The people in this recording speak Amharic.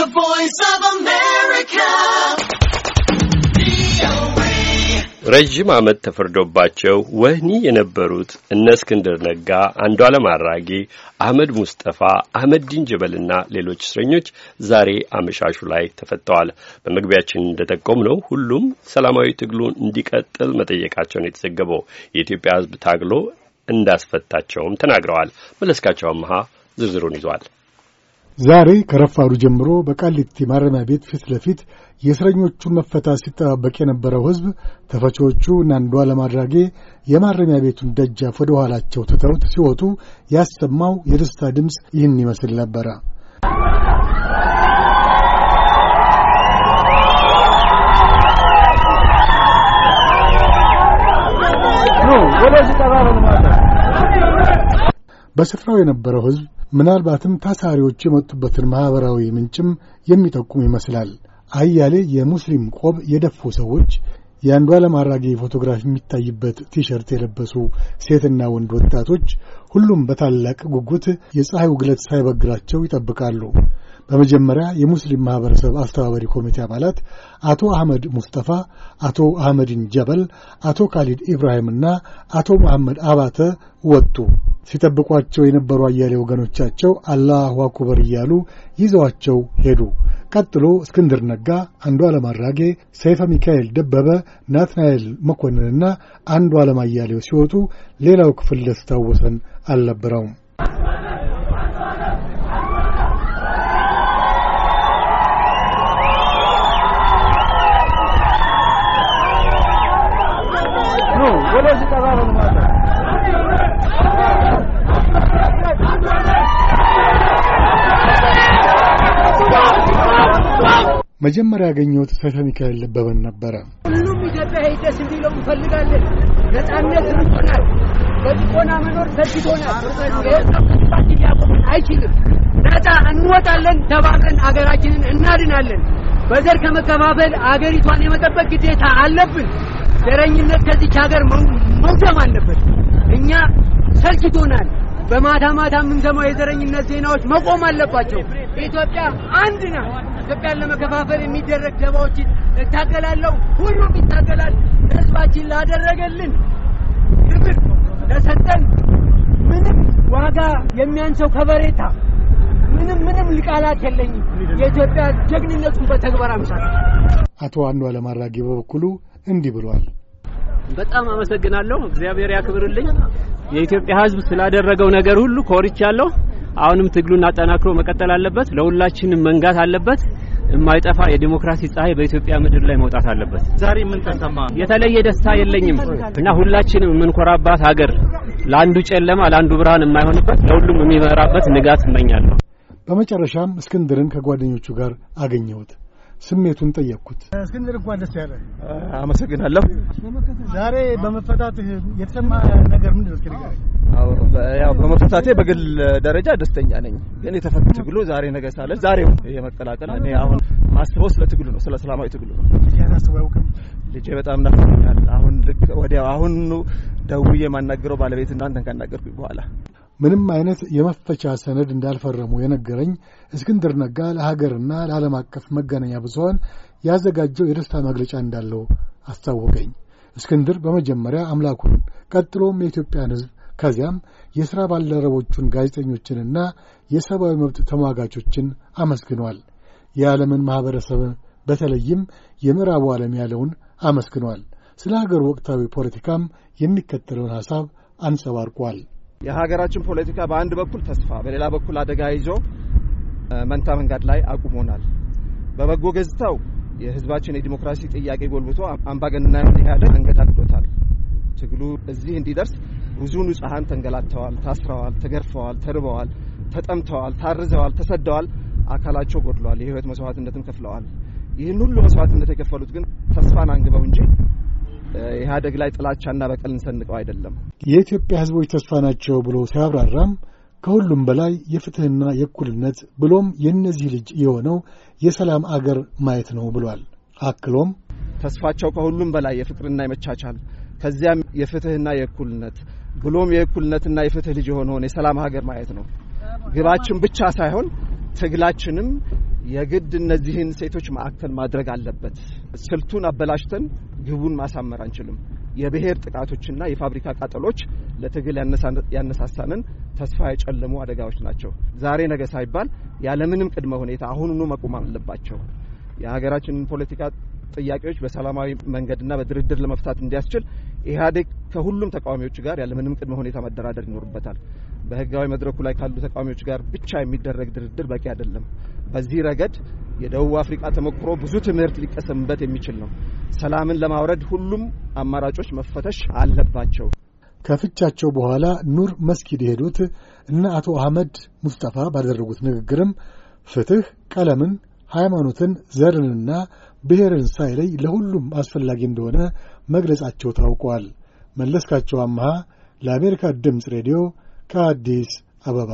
The Voice of America. ረዥም ዓመት ተፈርዶባቸው ወህኒ የነበሩት እነ እስክንድር ነጋ፣ አንዱዓለም አራጌ፣ አህመድ ሙስጠፋ፣ አህመዲን ጀበልና ሌሎች እስረኞች ዛሬ አመሻሹ ላይ ተፈተዋል። በመግቢያችን እንደጠቆም ነው ሁሉም ሰላማዊ ትግሉ እንዲቀጥል መጠየቃቸውን የተዘገበው የኢትዮጵያ ሕዝብ ታግሎ እንዳስፈታቸውም ተናግረዋል። መለስካቸው አመሃ ዝርዝሩን ይዟል። ዛሬ ከረፋዱ ጀምሮ በቃሊቲ ማረሚያ ቤት ፊት ለፊት የእስረኞቹን መፈታት ሲጠባበቅ የነበረው ሕዝብ ተፈቺዎቹ እነ አንዱዓለም አራጌ የማረሚያ ቤቱን ደጃፍ ወደ ኋላቸው ትተውት ሲወጡ ያሰማው የደስታ ድምፅ ይህን ይመስል ነበረ። በስፍራው የነበረው ሕዝብ ምናልባትም ታሳሪዎች የመጡበትን ማኅበራዊ ምንጭም የሚጠቁም ይመስላል። አያሌ የሙስሊም ቆብ የደፉ ሰዎች፣ የአንዱ አራጌ ፎቶግራፍ የሚታይበት ቲሸርት የለበሱ ሴትና ወንድ ወጣቶች፣ ሁሉም በታላቅ ጉጉት የፀሐዩ ግለት ሳይበግራቸው ይጠብቃሉ። በመጀመሪያ የሙስሊም ማኅበረሰብ አስተባባሪ ኮሚቴ አባላት አቶ አህመድ ሙስጠፋ፣ አቶ አህመድን ጀበል፣ አቶ ካሊድ ኢብራሂምና አቶ መሐመድ አባተ ወጡ። ሲጠብቋቸው የነበሩ አያሌ ወገኖቻቸው አላሁ አኩበር እያሉ ይዘዋቸው ሄዱ። ቀጥሎ እስክንድር ነጋ፣ ዓለም አራጌ፣ ሰይፈ ሚካኤል ደበበ፣ ናትናኤል መኮንንና አንዱ ዓለም አያሌው ሲወጡ ሌላው ክፍል ደስታ ወሰን አልነበረውም። መጀመሪያ ያገኘሁት ሰይፈ ሚካኤል ነበረ። ሁሉም ኢትዮጵያዊ ደስ እንዲለው እንፈልጋለን። ነጻነት ርቆናል። በጭቆና መኖር ሰግቶናል። ሊያቆመን አይችልም። ነጻ እንወጣለን። ተባብረን አገራችንን እናድናለን። በዘር ከመከፋፈል አገሪቷን የመጠበቅ ግዴታ አለብን። ዘረኝነት ከዚች ሀገር መውደም አለበት። እኛ ሰልችቶናል። በማታ ማታ የምንሰማው የዘረኝነት ዜናዎች መቆም አለባቸው። በኢትዮጵያ አንድ ነው ኢትዮጵያን ለመከፋፈል የሚደረግ ደባዎችን እታገላለሁ። ሁሉም ይታገላል። ህዝባችን ላደረገልን ክብር ለሰጠን ምንም ዋጋ የሚያንሰው ከበሬታ ምንም ምንም ቃላት የለኝም። የኢትዮጵያ ጀግንነቱን በተግባር አምሳል። አቶ አንዱ አለም በበኩሉ እንዲህ ብሏል። በጣም አመሰግናለሁ። እግዚአብሔር ያክብርልኝ። የኢትዮጵያ ህዝብ ስላደረገው ነገር ሁሉ ኮርቻለሁ። አሁንም ትግሉን አጠናክሮ መቀጠል አለበት። ለሁላችንም መንጋት አለበት። የማይጠፋ የዲሞክራሲ ፀሐይ በኢትዮጵያ ምድር ላይ መውጣት አለበት። ዛሬ ምን ተሰማ? የተለየ ደስታ የለኝም እና ሁላችንም የምንኮራባት ሀገር ለአንዱ ጨለማ ለአንዱ ብርሃን የማይሆንበት ለሁሉም የሚመራበት ንጋት እመኛለሁ። በመጨረሻም እስክንድርን ከጓደኞቹ ጋር አገኘሁት። ስሜቱን ጠየቅኩት። እስክንድር እንኳን ደስ ያለ። አመሰግናለሁ። ዛሬ በመፈታትህ የተሰማ ነገር ምንድን ነው? ያው በመፈታቴ በግል ደረጃ ደስተኛ ነኝ። ግን የተፈቱ ትግሉ ዛሬ ነገ ሳለ ዛሬ የመቀላቀል እኔ አሁን ማስበው ስለ ትግሉ ነው፣ ስለ ሰላማዊ ትግሉ ነው። ልጄ በጣም ናፍቆኛል። አሁን ልክ ወዲያው አሁኑ ደውዬ የማናገረው ባለቤት እናንተን ካናገርኩኝ በኋላ ምንም አይነት የመፈቻ ሰነድ እንዳልፈረሙ የነገረኝ እስክንድር ነጋ ለሀገርና ለዓለም አቀፍ መገናኛ ብዙሀን ያዘጋጀው የደስታ መግለጫ እንዳለው አስታወቀኝ። እስክንድር በመጀመሪያ አምላኩን ቀጥሎም የኢትዮጵያን ሕዝብ ከዚያም የሥራ ባልደረቦቹን ጋዜጠኞችንና የሰብአዊ መብት ተሟጋቾችን አመስግኗል። የዓለምን ማኅበረሰብ በተለይም የምዕራቡ ዓለም ያለውን አመስግኗል። ስለ ሀገር ወቅታዊ ፖለቲካም የሚከተለውን ሐሳብ አንጸባርቋል። የሀገራችን ፖለቲካ በአንድ በኩል ተስፋ፣ በሌላ በኩል አደጋ ይዞ መንታ መንገድ ላይ አቁሞናል። በበጎ ገጽታው የህዝባችን የዲሞክራሲ ጥያቄ ጎልብቶ አምባገነናዊ ኢህአዴግ አንገዳግዶታል። ትግሉ እዚህ እንዲደርስ ብዙ ንጹሐን ተንገላተዋል፣ ታስረዋል፣ ተገርፈዋል፣ ተርበዋል፣ ተጠምተዋል፣ ታርዘዋል፣ ተሰደዋል፣ አካላቸው ጎድሏል፣ የህይወት መስዋዕትነትም ከፍለዋል። ይህን ሁሉ መስዋዕትነት የከፈሉት ግን ተስፋን አንግበው እንጂ ኢህአደግ ላይ ጥላቻና በቀል እንሰንቀው አይደለም። የኢትዮጵያ ህዝቦች ተስፋ ናቸው ብሎ ሲያብራራም ከሁሉም በላይ የፍትህና የእኩልነት ብሎም የእነዚህ ልጅ የሆነው የሰላም አገር ማየት ነው ብሏል። አክሎም ተስፋቸው ከሁሉም በላይ የፍቅርና የመቻቻል ከዚያም የፍትህና የእኩልነት ብሎም የእኩልነትና የፍትህ ልጅ የሆነውን የሰላም ሀገር ማየት ነው ግባችን ብቻ ሳይሆን ትግላችንም የግድ እነዚህን ሴቶች ማዕከል ማድረግ አለበት። ስልቱን አበላሽተን ግቡን ማሳመር አንችልም። የብሔር ጥቃቶችና የፋብሪካ ቃጠሎች ለትግል ያነሳሳንን ተስፋ የጨለሙ አደጋዎች ናቸው። ዛሬ ነገ ሳይባል ያለምንም ቅድመ ሁኔታ አሁኑኑ መቆም አለባቸው። የሀገራችንን ፖለቲካ ጥያቄዎች በሰላማዊ መንገድና በድርድር ለመፍታት እንዲያስችል ኢህአዴግ ከሁሉም ተቃዋሚዎች ጋር ያለምንም ቅድመ ሁኔታ መደራደር ይኖርበታል። በህጋዊ መድረኩ ላይ ካሉ ተቃዋሚዎች ጋር ብቻ የሚደረግ ድርድር በቂ አይደለም። በዚህ ረገድ የደቡብ አፍሪካ ተሞክሮ ብዙ ትምህርት ሊቀሰምበት የሚችል ነው። ሰላምን ለማውረድ ሁሉም አማራጮች መፈተሽ አለባቸው። ከፍቻቸው በኋላ ኑር መስጊድ የሄዱት እና አቶ አህመድ ሙስጠፋ ባደረጉት ንግግርም ፍትህ ቀለምን፣ ሃይማኖትን፣ ዘርንና ብሔርን ሳይለይ ለሁሉም አስፈላጊ እንደሆነ መግለጻቸው ታውቋል። መለስካቸው አመሃ ለአሜሪካ ድምፅ ሬዲዮ ከአዲስ አበባ